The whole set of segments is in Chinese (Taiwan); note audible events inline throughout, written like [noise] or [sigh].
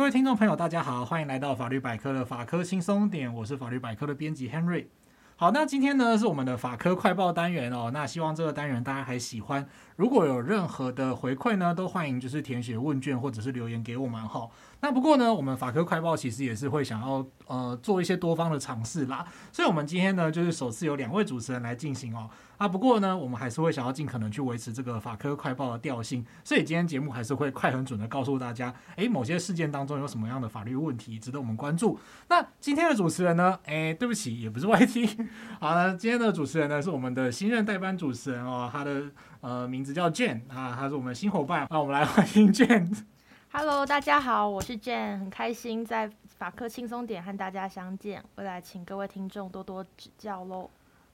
各位聽眾朋友，大家好，歡迎來到法律百科的法科輕鬆點，我是法律百科的編輯 Henry。好，那今天呢是我們的法科快報單元哦，那希望這個單元大家還喜歡。如果有任何的回饋呢，都歡迎就是填寫問卷或者是留言給我們哈。那不過呢，我們法科快報其實也是會想要呃做一些多方的嘗試啦，所以我們今天呢就是首次有兩位主持人來進行哦。啊，不過呢，我們還是會想要盡可能去維持這個法科快報的調性，所以今天節目還是會快狠準的告訴大家，哎、欸，某些事件當中有什麼樣的法律問題值得我們關注。那今天的主持人呢？哎、欸，對不起，也不是 YT 好了，那今天的主持人呢是我們的新任代班主持人哦，他的呃名字叫 Jane 啊，他是我們的新夥伴，那我們來歡迎 Jane。Hello，大家好，我是 Jane，很開心在法科輕鬆點和大家相見，未來請各位聽眾多多指教嘍。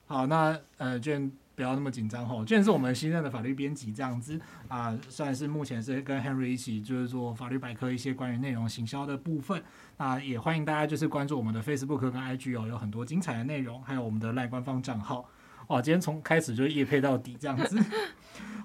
好，那呃，Jane 不要那麼緊張哈。Jane 是我們新任的法律編輯，這樣子啊，算、呃、是目前是跟 Henry 一起就是做法律百科一些關於內容行銷的部分。啊、呃，也歡迎大家就是關注我們的 Facebook 跟 IG 哦，有很多精彩的內容，還有我們的賴官方賬號。哦。今天從開始就業配到底這樣子。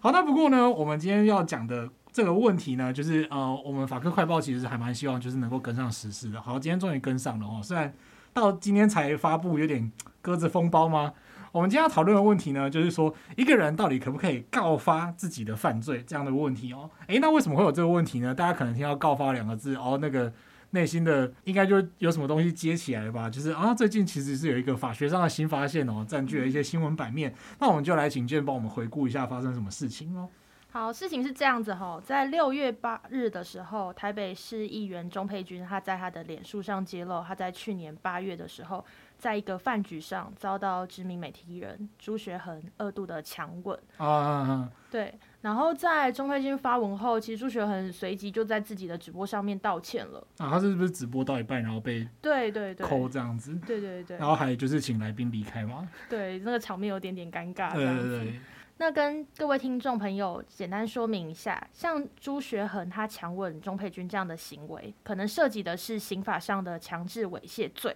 好，那不過呢，我們今天要講的這個問題呢，就是呃，我們法科快報其實還蠻希望就是能夠跟上時事的。好，今天終於跟上了哦，雖然到今天才發布，有點鴿子封包嗎？我們今天要討論的問題呢，就是說一個人到底可不可以告發自己的犯罪這樣的問題哦。誒，那為什麼會有這個問題呢？大家可能聽到“告發”兩個字哦，那個內心的應該就有什麼東西接起來吧？就是啊，最近其實是有一個法學上的新發現哦，占據了一些新聞版面。嗯。那我們就來請 Jane 幫我們回顧一下發生什麼事情哦。好，事情是這樣子哈、哦，在六月八日的時候，台北市議員鍾佩君他在他的臉書上揭露，他在去年八月的時候。在一個飯局上遭到知名媒體人朱學恆二度的強吻啊啊啊！對，然後在鍾佩君發文後，其實朱學恆隨即就在自己的直播上面道歉了啊。他是不是直播到一半然後被對對對扣？這樣子？對對對。然後還就是請來賓離開嗎？對，對，對，對，對，那個場面有點點尷尬這樣子。對對對。那跟各位聽眾朋友簡單說明一下，像朱學恆他強吻鍾佩君這樣的行為，可能涉及的是刑法上的強制猥褻罪。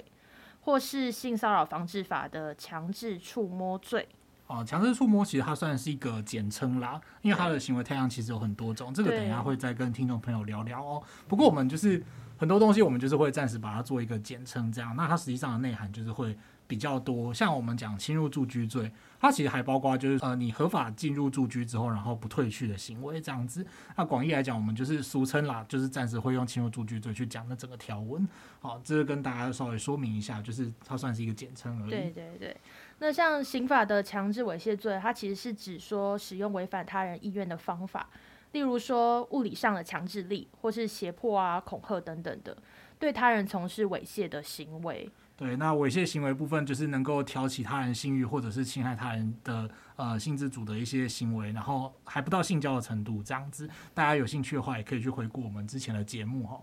或是性騷擾防治法的強制觸摸罪，哦、啊，強制觸摸其實它算是一個簡稱啦，因為它的行為態樣其實有很多種，這個等下會再跟聽眾朋友聊聊哦。不過我們就是很多東西，我們就是會暫時把它做一個簡稱，這樣。那它實際上的內涵就是會。比較多，像我們講侵入住居罪，它其實還包括就是呃，你合法進入住居之後，然後不退去的行為這樣子。那、啊、廣義來講，我們就是俗稱啦，就是暫時會用侵入住居罪去講那整個條文。好，這是跟大家稍微說明一下，就是它算是一個簡稱而已。對對對。那像刑法的強制猥褻罪、罪，它其實是指說使用違反他人意願的方法，例如說物理上的強制力，或是脅迫啊、恐嚇等等的，對他人從事猥褻的行為。對，那猥褻行為部分就是能夠挑起他人性慾或者是侵害他人的呃性自主的一些行為，然後還不到性交的程度，這樣子，大家有興趣的話也可以去回顧我們之前的節目哈。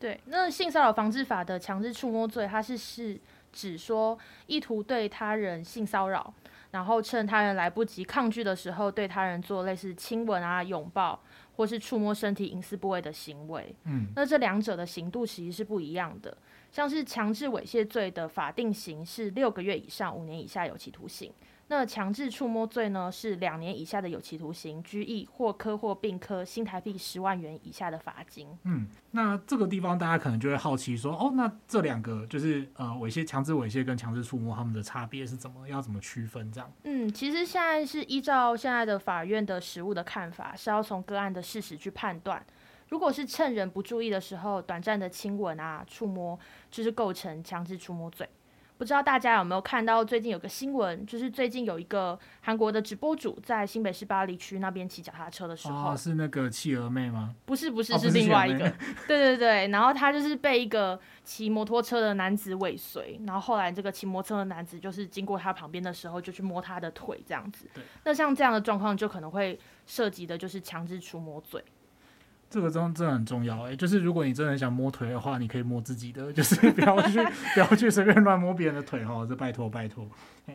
對，那性騷擾防治法的強制觸摸罪，它，是是指說意圖對他人性騷擾，然後趁他人來不及抗拒的時候，對他人做類似親吻啊、擁抱或是觸摸身體隱私部位的行為。嗯，那這兩者的刑度其實是不一樣的。像是強制猥褻罪的法定刑是六個月以上五年以下有期徒刑，那強制觸摸罪呢，是兩年以下的有期徒刑、拘役或科或併科，新台幣十萬元以下的罰金。嗯，那這個地方大家可能就會好奇說，哦，那這兩個就是呃猥褻、強制猥褻跟強制觸摸他們的差別是怎麼要怎麼區分這樣？嗯，其實現在是依照現在的法院的實務的看法，是要從個案的事實去判斷。如果是趁人不注意的時候，短暫的親吻啊、觸摸，就是構成強制觸摸罪。不知道大家有沒有看到最近有個新聞，就是最近有一個韓國的直播主在新北市八里區那邊騎腳踏車的時候，啊、哦，是那個企鵝妹嗎？不是，不是，是另外一個。哦、 [laughs] 對對對，然後他就是被一個騎摩托車的男子尾隨，然後後來這個騎摩托車的男子就是經過他旁邊的時候，就去摸他的腿，這樣子。對。那像這樣的狀況，就可能會涉及的就是強制觸摸罪。這個真真的很重要哎、欸，就是如果你真的很想摸腿的話，你可以摸自己的，就是不要去 [laughs] 不要去隨便亂摸別人的腿哈，這拜託拜託。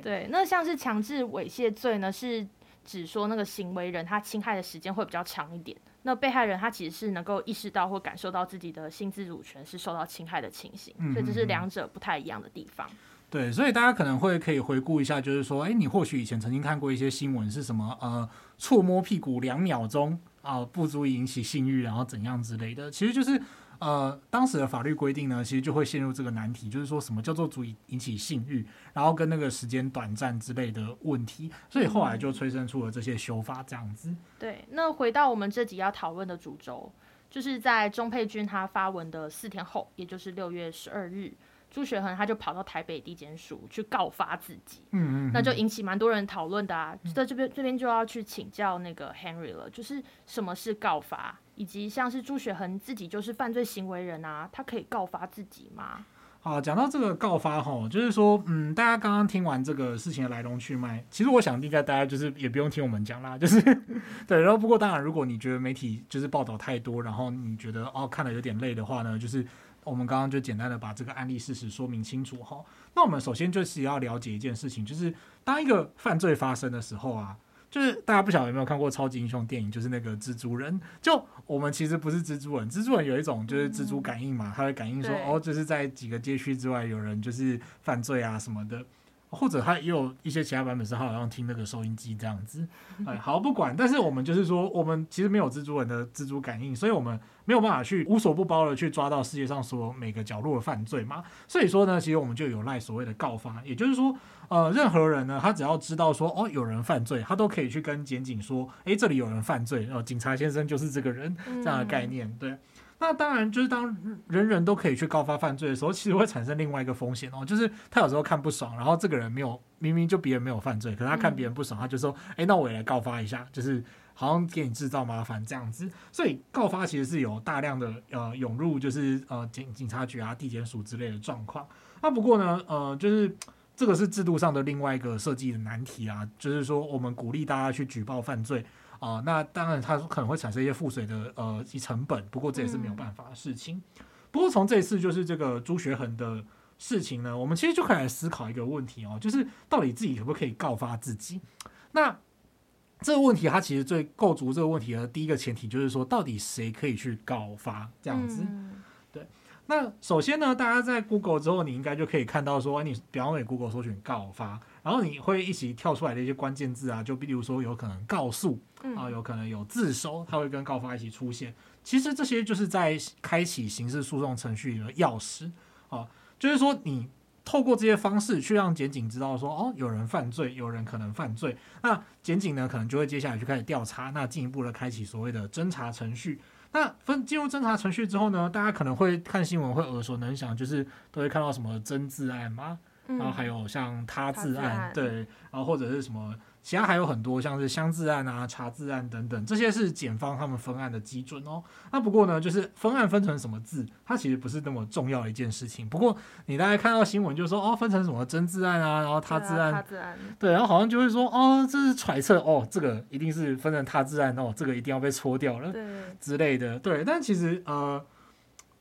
對，那像是強制猥褻罪呢，是指說那個行為人他侵害的時間會比較長一點，那被害人他其實是能夠意識到或感受到自己的性自主權是受到侵害的情形，嗯、哼哼，所以這是兩者不太一樣的地方。對，所以大家可能會可以回顧一下，就是說，哎，你或許以前曾經看過一些新聞，是什麼呃，觸摸屁股兩秒鐘。啊、呃，不足以引起性欲，然後怎樣之類的，其實就是，呃，當時的法律規定呢，其實就會陷入這個難題，就是說什麼叫做足以引起性欲，然後跟那個時間短暫之類的問題，所以後來就催生出了這些修法這樣子。嗯、對，那回到我們這集要討論的主軸，就是在鐘佩君他發文的四天後，也就是六月十二日。朱學恆他就跑到台北地檢署去告發自己，嗯嗯，那就引起蠻多人討論的啊，嗯、在這邊這邊就要去請教那個 Henry 了，就是什麼是告發，以及像是朱學恆自己就是犯罪行為人啊，他可以告發自己嗎？好，講到這個告發吼，就是說，嗯，大家剛剛聽完這個事情的來龍去脈，其實我想應該大家就是也不用聽我們講啦，就是 [laughs] 對，然後不過當然如果你覺得媒體就是報道太多，然後你覺得哦看了有點累的話呢，就是。我們剛剛就簡單的把這個案例事實說明清楚哈哦。那我們首先就是要了解一件事情，就是當一個犯罪發生的時候啊，就是大家不曉得有沒有看過超級英雄電影，就是那個蜘蛛人。就我們其實不是蜘蛛人，蜘蛛人有一種就是蜘蛛感應嘛，他會感應說哦，就是在幾個街區之外有人就是犯罪啊什麼的。或者他也有一些其他版本是他好像聽那個收音機這樣子，哎、 [laughs] 嗯，好不管，但是我們就是說，我們其實沒有蜘蛛人的蜘蛛感應，所以我們沒有辦法去無所不包的去抓到世界上所有每個角落的犯罪嘛。所以說呢，其實我們就有賴所謂的告發，也就是說，呃，任何人呢，他只要知道說哦有人犯罪，他都可以去跟檢警說，哎、欸，這裡有人犯罪，呃，警察先生就是這個人、嗯、這樣的概念，對。那當然，就是當人人都可以去告發犯罪的時候，其實會產生另外一個風險哦，就是他有時候看不爽，然後這個人沒有明明就別人沒有犯罪，可是他看別人不爽，他就說：“哎，那我也來告發一下。”就是好像給你制造麻煩這樣子。所以告發其實是有大量的呃湧入，就是呃警警察局啊、地檢署之類的狀況。那不過呢，呃，就是這個是制度上的另外一個設計的難題啊，就是說我們鼓勵大家去舉報犯罪。啊、呃，那當然，它可能會產生一些付水的呃成本，不過這也是沒有辦法的事情。不過從這一次就是這個朱學恆的事情呢，我們其實就可以來思考一個問題哦，就是到底自己可不可以告發自己？那這個問題，它其實最構築這個問題的第一個前提就是說，到底誰可以去告發這樣子？嗯那首先呢，大家在 Google 之後，你應該就可以看到說，你比方給 Google 搜尋告發，然後你會一起跳出來的一些關鍵字啊，就比如說有可能告訴啊，有可能有自首，他會跟告發一起出現。其實這些就是在開啟刑事訴訟程序的鑰匙啊，就是說你透過這些方式去讓檢警知道說，哦，有人犯罪，有人可能犯罪，那檢警呢可能就會接下來就開始調查，那進一步的開啟所謂的偵查程序。那分進入偵查程序之後呢，大家可能會看新聞，會耳熟能詳，就是都會看到什麼“偵字案”嗎？然後還有像“他字案”，對，然後或者是什麼。其他還有很多，像是相字案啊、查字案等等，這些是檢方他們分案的基準哦。那、啊、不過呢，就是分案分成什麼字，它其實不是那麼重要的一件事情。不過你大概看到新聞就是說哦，分成什麼真字案啊，然後他字案、啊、他字案，對，然後好像就會說哦，這是揣測哦，這個一定是分成他字案哦，這個一定要被戳掉了之類的。對，但其實呃，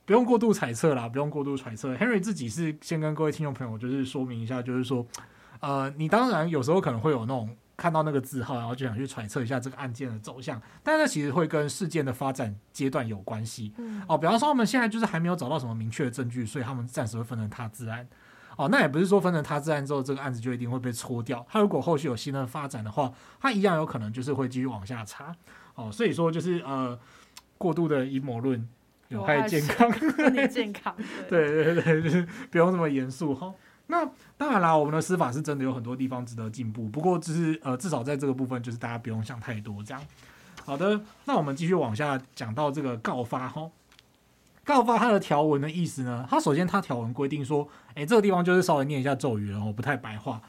不用過度揣測啦，不用過度揣測。Henry 自己是先跟各位聽眾朋友就是說明一下，就是說呃，你當然有時候可能會有那種。看到那個字號，然後就想去揣測一下這個案件的走向，但是其實會跟事件的發展階段有關係，嗯。哦，比方說我們現在就是還沒有找到什麼明確的證據，所以他們暫時會分成他字案。哦，那也不是說分成他字案之後，這個案子就一定會被戳掉。他如果後續有新的發展的話，他一樣有可能就是會繼續往下查。哦，所以說就是呃，過度的陰謀論有害健康，健康對， [laughs] 對，對對對，就是，不用這麼嚴肅哈。那當然啦，我們的司法是真的有很多地方值得進步。不過、就是，只是呃，至少在這個部分，就是大家不用想太多這樣。好的，那我們繼續往下講到這個告發吼，告發它的條文的意思呢？它首先它條文規定說，哎、欸，這個地方就是稍微念一下咒語，然後不太白話。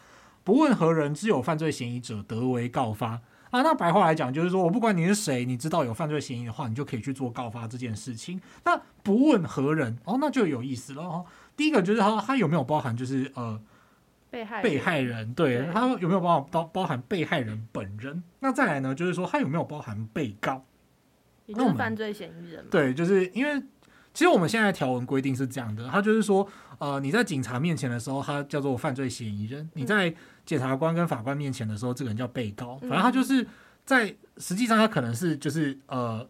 不問何人，知有犯罪嫌疑者，得為告發啊。那白話來講，就是說我不管你是誰，你知道有犯罪嫌疑的話，你就可以去做告發這件事情。那不問何人，哦，那就有意思了哦。第一個就是他，他有沒有包含就是呃，被害被害人，對，對他有沒有包包包含被害人本人、嗯？那再來呢，就是說他有沒有包含被告？也就是犯罪嫌疑人。對，就是因為其實我們現在條文規定是這樣的，他就是說呃，你在警察面前的時候，他叫做犯罪嫌疑人；嗯、你在檢察官跟法官面前的時候，這個人叫被告、嗯。反正他就是在實際上，他可能是就是呃。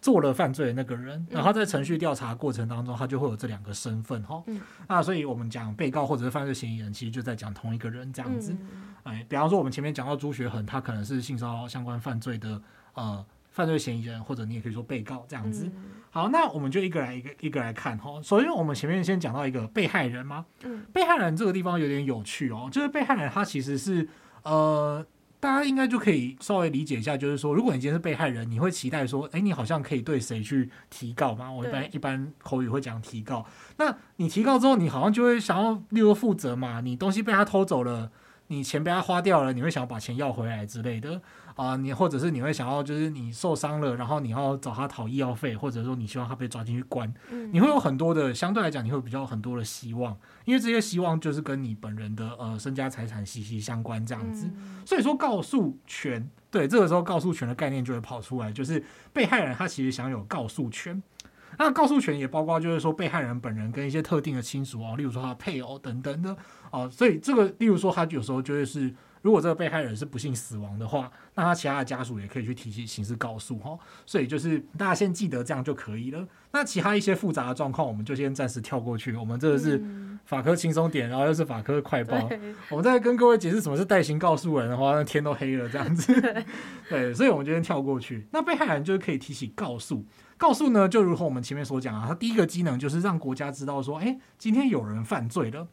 做了犯罪的那個人，然後他在程序調查過程當中、嗯，他就會有這兩個身份哈、哦嗯。那所以我們講被告或者是犯罪嫌疑人，其實就在講同一個人這樣子、嗯。哎，比方說我們前面講到朱學恆，他可能是性騷擾相關犯罪的呃犯罪嫌疑人，或者你也可以說被告這樣子。嗯、好，那我們就一個來一個一個來看哈、哦。首先我們前面先講到一個被害人嗎、嗯？被害人這個地方有點有趣哦，就是被害人他其實是呃。大家應該就可以稍微理解一下，就是說，如果你今天是被害人，你會期待說，誒，你好像可以對誰去提告嘛？我一般一般口語會講提告。那你提告之後，你好像就會想要例如負責嘛？你東西被他偷走了，你錢被他花掉了，你會想要把錢要回來之類的。啊、呃，你或者是你會想要，就是你受傷了，然後你要找他討醫藥費，或者說你希望他被抓進去關，你會有很多的相對來講，你會比較很多的希望，因為這些希望就是跟你本人的呃身家財產息息相關這樣子，所以說告訴權，對，這個時候告訴權的概念就會跑出來，就是被害人他其實享有告訴權，那告訴權也包括就是說被害人本人跟一些特定的親屬哦，例如說他的配偶等等的哦。所以這個例如說他有時候就會是。如果這個被害人是不幸死亡的話，那他其他的家屬也可以去提起刑事告訴哈。所以就是大家先記得這樣就可以了。那其他一些複雜的狀況，我們就先暫時跳過去。我們這個是法科輕鬆點、嗯，然後又是法科快報。我們再跟各位解釋什麼是代行告訴人的話，那天都黑了這樣子。對，對所以我們就先跳過去。那被害人就是可以提起告訴，告訴呢，就如同我們前面所講啊，他第一個機能就是讓國家知道說，誒、欸，今天有人犯罪了。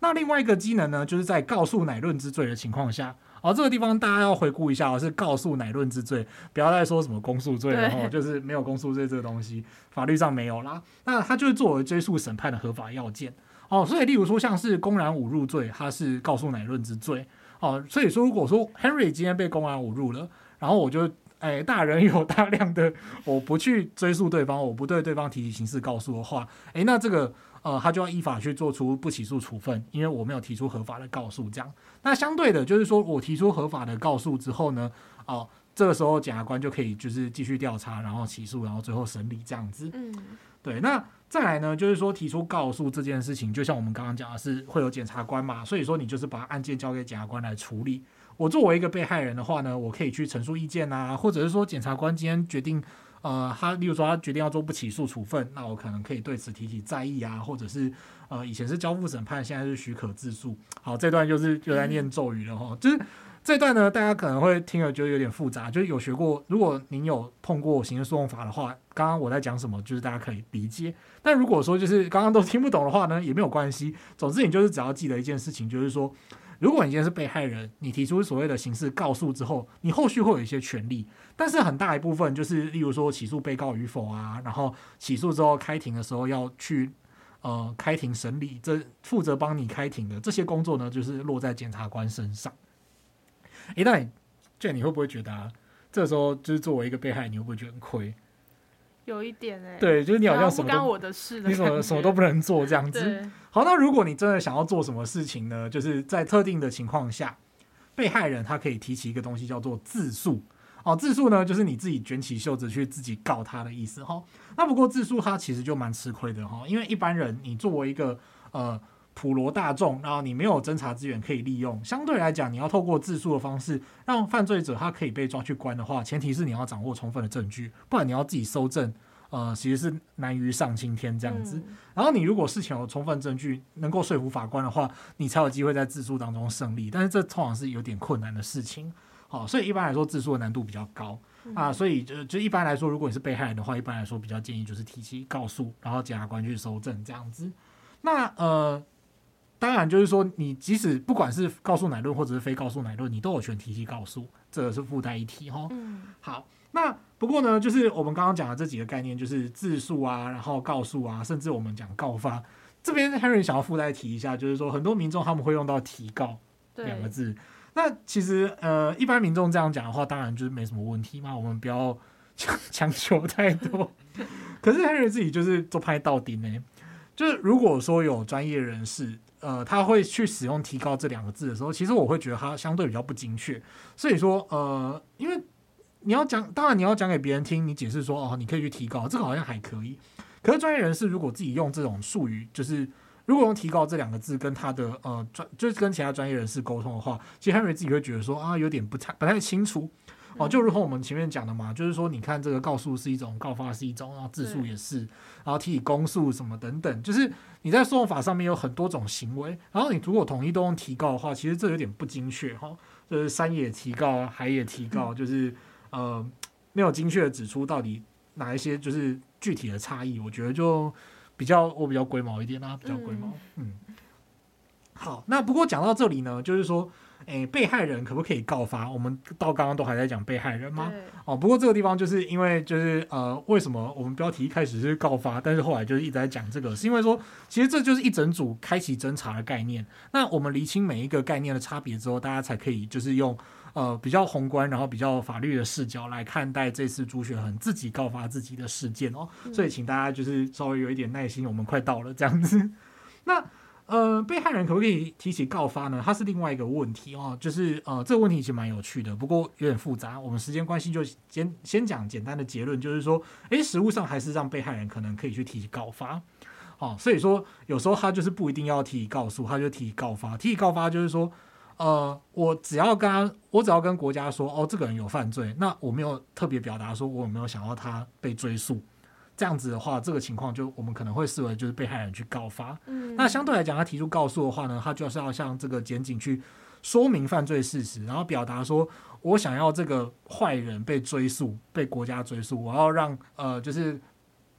那另外一個機能呢，就是在告訴乃論之罪的情況下，而、哦、這個地方大家要回顧一下、哦、是告訴乃論之罪，不要再說什麼公訴罪了哦，哦，就是沒有公訴罪這個東西，法律上沒有啦。那它就是作為追訴審判的合法要件哦，所以例如說像是公然侮辱罪，它是告訴乃論之罪哦，所以說如果說 Henry 今天被公然侮辱了，然後我就。誒、哎，大人有大量的，我不去追訴對方， [laughs] 我不對對方提起刑事告訴的話，誒、哎，那這個呃，他就要依法去做出不起訴處分，因為我沒有提出合法的告訴，這樣。那相對的，就是說我提出合法的告訴之後呢，哦，這個時候檢察官就可以就是繼續調查，然後起訴，然後最後審理這樣子。嗯，對。那再來呢，就是說提出告訴這件事情，就像我們剛剛講的是會有檢察官嘛，所以說你就是把案件交給檢察官來處理。我作為一個被害人的話呢，我可以去陳述意見啊，或者是說檢察官今天決定，呃，他，例如說他決定要做不起訴處分，那我可能可以對此提起再議啊，或者是，呃，以前是交付審判，現在是許可自訴。好，這段就是又在念咒語了哈、嗯，就是這段呢，大家可能會聽了覺得有點複雜，就是有學過，如果您有碰過刑事訴訟法的話，剛剛我在講什麼，就是大家可以理解。但如果說就是剛剛都聽不懂的話呢，也沒有關係，總之你就是只要記得一件事情，就是說。如果你現在是被害人，你提出所謂的刑事告訴之後，你後續會有一些權利，但是很大一部分就是，例如說起訴被告與否啊，然後起訴之後開庭的時候要去呃開庭審理，這負責幫你開庭的這些工作呢，就是落在檢察官身上。一、欸、旦你 Jan, 你會不會覺得、啊，這個、時候就是作為一個被害人，你會不會覺得很虧？有一點、欸、對，就是你要、啊、干我的事的，你什麼 [laughs] 什麼都不能做這樣子。好，那如果你真的想要做什麼事情呢？就是在特定的情況下，被害人他可以提起一個東西叫做自訴。哦，自訴呢，就是你自己捲起袖子去自己告他的意思。哦，那不過自訴他其實就蠻吃虧的哦，因為一般人你作為一個呃。普羅大眾，然後你沒有偵查資源可以利用，相對來講，你要透過自訴的方式讓犯罪者他可以被抓去關的話，前提是你要掌握充分的證據，不然你要自己蒐證，呃，其實是難於上青天這樣子。然後你如果事情有充分證據，能夠說服法官的話，你才有機會在自訴當中勝利，但是這通常是有點困難的事情。好，所以一般來說自訴的難度比較高啊，所以就就一般來說，如果你是被害人的話，一般來說比較建議就是提起告訴，然後檢察官去蒐證這樣子。那呃。當然，就是說，你即使不管是告訴乃論，或者是非告訴乃論，你都有權提起告訴，這個是附帶一提哈、哦嗯。好，那不過呢，就是我們剛剛講的這幾個概念，就是自訴啊，然後告訴啊，甚至我們講告發，這邊 Henry 想要附帶提一下，就是說很多民眾他們會用到“提告”兩個字。那其實呃，一般民眾這樣講的話，當然就是沒什麼問題嘛，我們不要強求太多。 [laughs] 可是 Henry 自己就是做拍到底呢，就是就如果說有專業人士。呃，他會去使用“提告”這兩個字的時候，其實我會覺得它相對比較不精確。所以說，呃，因為你要講，當然你要講給別人聽，你解釋說，哦，你可以去提告，這個好像還可以。可是專業人士如果自己用這種術語，就是如果用“提告”這兩個字跟他的呃專，就是跟其他專業人士溝通的話，其實 Henry 自己會覺得說，啊，有點不太不太清楚。哦，就如同我們前面講的嘛，就是說，你看這個告訴是一種，告發是一種，然後自訴也是，然後提起公訴什麼等等，就是你在訴訟法上面有很多種行為，然後你如果統一都用提告的話，其實這有點不精確哈。就是山也提告，海也提告，就是呃沒有精確的指出到底哪一些就是具體的差異。我覺得就比較我比較龜毛一點啦、啊，比較龜毛。嗯，好，那不過講到這裡呢，就是說。誒、欸，被害人可不可以告發？我們到剛剛都還在講被害人嗎？對。哦，不過這個地方就是因為就是呃，為什麼我們標題一開始是告發，但是後來就是一直在講這個，是因為說其實這就是一整組開啟偵查的概念。那我們釐清每一個概念的差別之後，大家才可以就是用呃比較宏觀，然後比較法律的視角來看待這次朱學恆自己告發自己的事件哦、嗯。所以請大家就是稍微有一點耐心，我們快到了這樣子。那。呃，被害人可不可以提起告發呢？他是另外一個問題哦，就是呃這個問題其實蠻有趣的，不過有點複雜。我們時間關係，就先先講簡單的結論，就是說，哎，實務上還是讓被害人可能可以去提起告發，哦，所以說有時候他就是不一定要提告訴，他就提告發。提起告發就是說，呃，我只要跟他，我只要跟國家說，哦，這個人有犯罪，那我沒有特別表達說我有沒有想要他被追訴。這樣子的話，這個情況就我們可能會視為就是被害人去告發。那相對來講，他提出告訴的話呢，他就是要向這個檢警去說明犯罪事實，然後表達說，我想要這個壞人被追訴，被國家追訴，我要讓呃，就是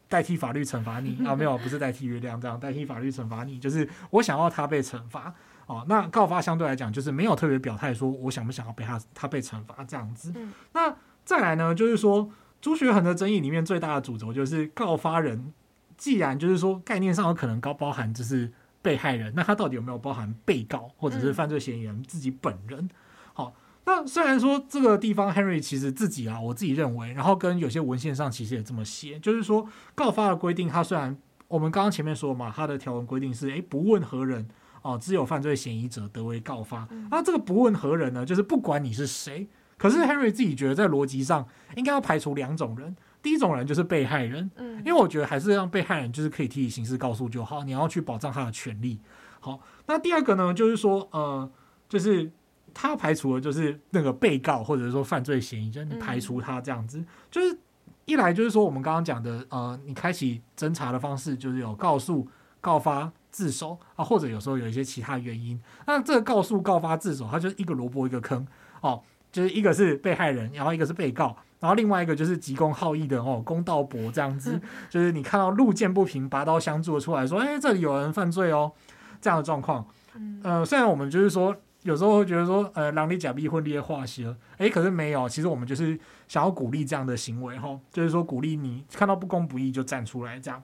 代替法律懲罰你啊？沒有，不是代替月亮，這樣代替法律懲罰你，就是我想要他被懲罰。哦，那告發相對來講就是沒有特別表態說，我想不想要被他他被懲罰這樣子。那再來呢，就是說。朱學恆的爭議裡面最大的主軸就是告發人，既然，就是說概念上有可能包包含，就是被害人，那他到底有沒有包含被告或者是犯罪嫌疑人自己本人？嗯、好，那雖然說這個地方 Henry 其實自己啊，我自己認為，然後跟有些文獻上其實也這麼寫，就是說告發的規定，他雖然我們剛剛前面說嘛，他的條文規定是誒、欸，不問何人哦，只有犯罪嫌疑者得為告發。那、嗯啊、這個不問何人呢，就是不管你是誰。可是 Henry 自己覺得，在邏輯上應該要排除兩種人。第一種人就是被害人，嗯，因為我覺得還是讓被害人就是可以提起刑事告訴就好，你要去保障他的權利。好，那第二個呢，就是說，呃，就是他排除了就是那個被告或者說犯罪嫌疑人，你排除他這樣子，就是一來就是說我們剛剛講的，呃，你開啟偵查的方式就是有告訴、告發、自首啊，或者有時候有一些其他原因。那這個告訴、告發、自首，它就是一個蘿蔔一個坑，哦。就是一個是被害人，然後一個是被告，然後另外一個就是急公好義的哦，公道伯這樣子。就是你看到路見不平，拔刀相助，出來說：“哎，這裡有人犯罪哦。”這樣的狀況。呃，雖然我們就是說，有時候會覺得說：“呃，浪里假幣混劣化些。”哎，可是沒有。其實我們就是想要鼓勵這樣的行為哈、哦，就是說鼓勵你看到不公不義就站出來這樣。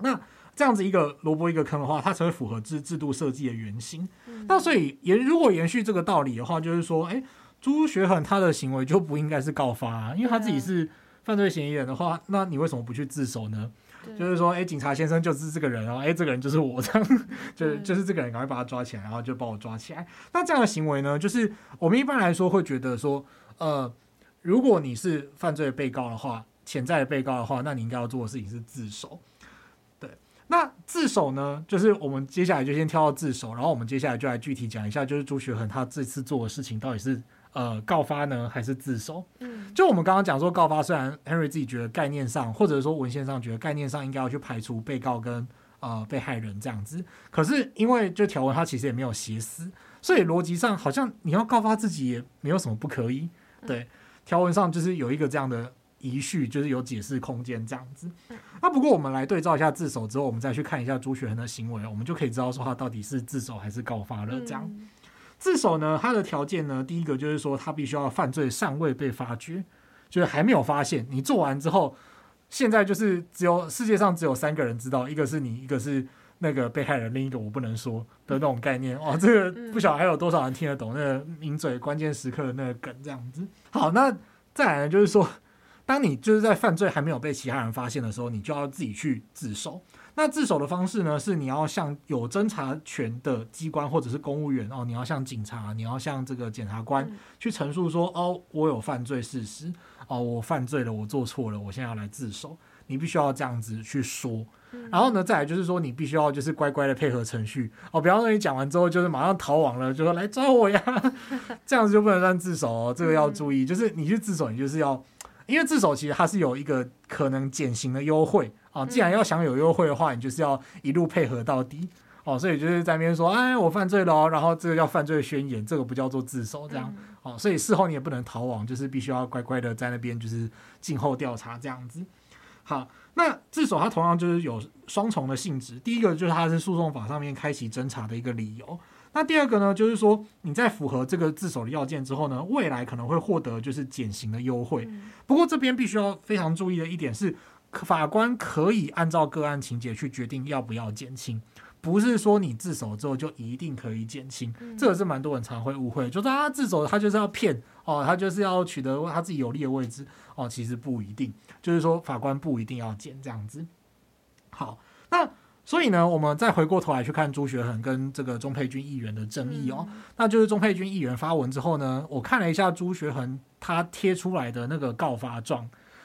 那這樣子一個蘿蔔一個坑的話，它才會符合制制度設計的原型。嗯、那所以延如果延續這個道理的話，就是說，哎。朱學恆他的行為就不應該是告發，啊，因為他自己是犯罪嫌疑人的話，啊，那你為什麼不去自首呢？就是說，誒，警察先生就是這個人啊，誒，這個人就是我，這樣，就是，就是這個人趕快把他抓起來，然後就把我抓起來。那這樣的行為呢，就是我們一般來說會覺得說，呃，如果你是犯罪被告的話，潛在的被告的話，那你應該要做的事情是自首。對，那自首呢，就是我們接下來就先跳到自首，然後我們接下來就來具體講一下，就是朱學恆他這次做的事情到底是。呃，告發呢，還是自首？嗯，就我們剛剛講說，告發雖然 Henry 自己覺得概念上，或者說文獻上覺得概念上應該要去排除被告跟呃被害人這樣子，可是因為就條文它其實也沒有寫死，所以邏輯上好像你要告發自己也沒有什麼不可以。對，條文上就是有一個這樣的遺序，就是有解釋空間這樣子。那不過我們來對照一下自首之後，我們再去看一下朱學恆的行為，我們就可以知道說他到底是自首還是告發了這樣。自首呢，他的條件呢，第一個就是說，他必須要犯罪尚未被發覺，就是還沒有發現。你做完之後，現在就是只有世界上只有三個人知道，一個是你，一個是那個被害人，另一個我不能說的那種概念。哇、哦，這個不曉得還有多少人聽得懂那個名嘴關鍵時刻的那個梗這樣子。好，那再來呢就是說，當你就是在犯罪還沒有被其他人發現的時候，你就要自己去自首。那自首的方式呢？是你要向有偵查權的機關或者是公務員哦，你要向警察，你要向這個檢察官去陳述說、嗯：哦，我有犯罪事實，哦，我犯罪了，我做錯了，我現在要來自首。你必須要這樣子去說、嗯。然後呢，再來就是說，你必須要就是乖乖的配合程序哦，比方說你講完之後就是馬上逃亡了，就說來抓我呀，這樣子就不能算自首。哦。這個要注意，嗯、就是你去自首，你就是要，因為自首其實它是有一個可能減刑的優惠。啊、哦，既然要享有優惠的話、嗯，你就是要一路配合到底哦。所以就是在那邊說，哎，我犯罪了、哦，然後這個叫犯罪宣言，這個不叫做自首，這樣、嗯、哦。所以事後你也不能逃亡，就是必須要乖乖的在那邊就是靜候調查這樣子。好，那自首它同樣就是有雙重的性質，第一個就是它是訴訟法上面開啟偵查的一個理由，那第二個呢，就是說你在符合這個自首的要件之後呢，未來可能會獲得就是減刑的優惠、嗯。不過這邊必須要非常注意的一點是，法官可以按照個案情節去決定要不要減輕，不是說你自首之後就一定可以減輕，嗯，這也是蠻多人常會誤會，就是他自首他就是要騙哦，他就是要取得他自己有利的位置哦，其實不一定，就是說法官不一定要減這樣子。好，那所以呢，我們再回過頭來去看朱學恆跟這個鍾沛君議員的爭議哦，嗯，那就是鍾沛君議員發文之後呢，我看了一下朱學恆他貼出來的那個告發狀。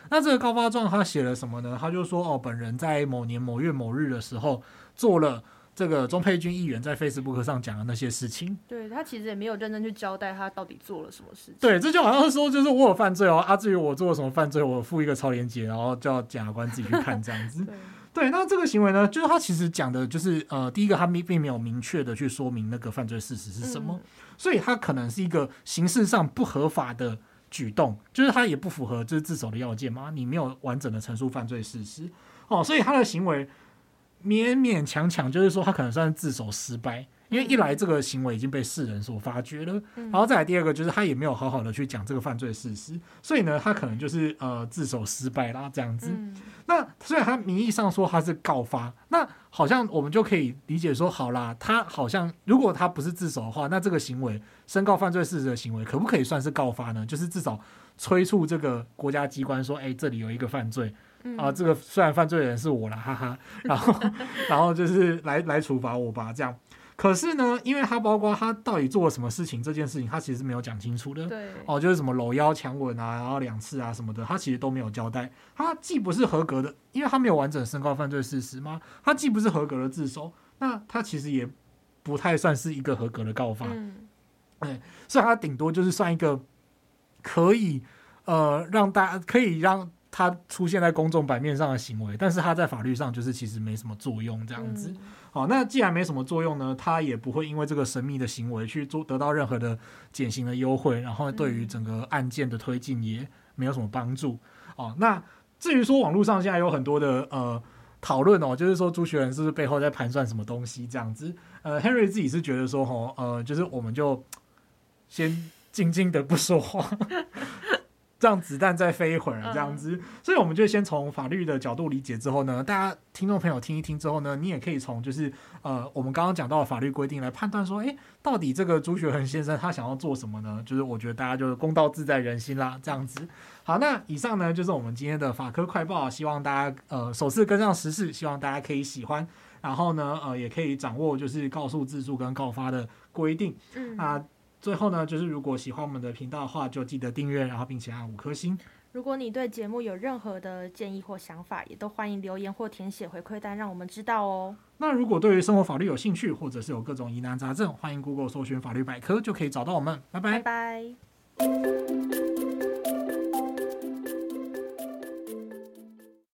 那這個告發狀他寫了什麼呢？他就說哦，本人在某年某月某日的時候做了這個鍾佩君議員在 Facebook 上講的那些事情。對，他其實也沒有認真去交代他到底做了什麼事情。對，這就好像說就是我有犯罪哦，啊，至於我做了什麼犯罪，我附一個超連結，然後叫檢察官自己去看這樣子 [laughs] 對。對，那這個行為呢，就是他其實講的就是呃，第一個他並並沒有明確的去說明那個犯罪事實是什麼，嗯，所以他可能是一個形式上不合法的。舉動，就是他也不符合就是自首的要件嘛，你沒有完整的陳述犯罪事實，哦，所以他的行為勉勉強強就是說他可能算是自首失敗。因為一來這個行為已經被世人所發覺了，然後再來第二個就是他也沒有好好的去講這個犯罪事實，所以呢，他可能就是呃自首失敗啦這樣子。那雖然他名義上說他是告發，那好像我們就可以理解說，好啦，他好像如果他不是自首的話，那這個行為申告犯罪事實的行為可不可以算是告發呢？就是至少催促這個國家機關說，欸，這裡有一個犯罪啊，這個雖然犯罪人是我啦，哈哈，然後然後就是來來處罰我吧，這樣。可是呢，因為他包括他到底做了什麼事情這件事情，他其實是沒有講清楚的。對哦，就是什麼摟腰強吻啊，然後兩次啊什麼的，他其實都沒有交代。他既不是合格的，因為他沒有完整申告犯罪事實嘛。他既不是合格的自首，那他其實也不太算是一個合格的告發。嗯，對、嗯，所以他頂多就是算一個可以呃讓大家可以讓。他出現在公眾版面上的行為，但是他在法律上就是其實沒什麼作用，這樣子，嗯。好，那既然沒什麼作用呢，他也不會因為這個神秘的行為去做得到任何的減刑的優惠，然後對於整個案件的推進也沒有什麼幫助。哦，嗯，那至於說網絡上現在有很多的呃討論哦，就是說朱學恆是不是背後在盤算什麼東西這樣子？呃，Henry 自己是覺得說，哦，呃，就是我們就先靜靜的不說話。 [laughs] 這樣子彈再飛一會兒啊，這樣子，所以我們就先從法律的角度理解之後呢，大家聽眾朋友聽一聽之後呢，你也可以從就是呃我們剛剛講到的法律規定來判斷說，哎，到底這個朱學恆先生他想要做什麼呢？就是我覺得大家就是公道自在人心啦，這樣子。好，那以上呢就是我們今天的法科快報，希望大家呃首次跟上時事，希望大家可以喜歡，然後呢呃也可以掌握就是告訴、自首跟告發的規定，啊、嗯。最後呢，就是如果喜歡我們的頻道的話，就記得訂閱，然後並且按五顆星。如果你對節目有任何的建議或想法，也都歡迎留言或填寫回饋單，讓我們知道哦。那如果對於生活法律有興趣，或者是有各種疑難雜症，歡迎 Google 搜尋法律百科，就可以找到我們。拜拜拜拜。Bye bye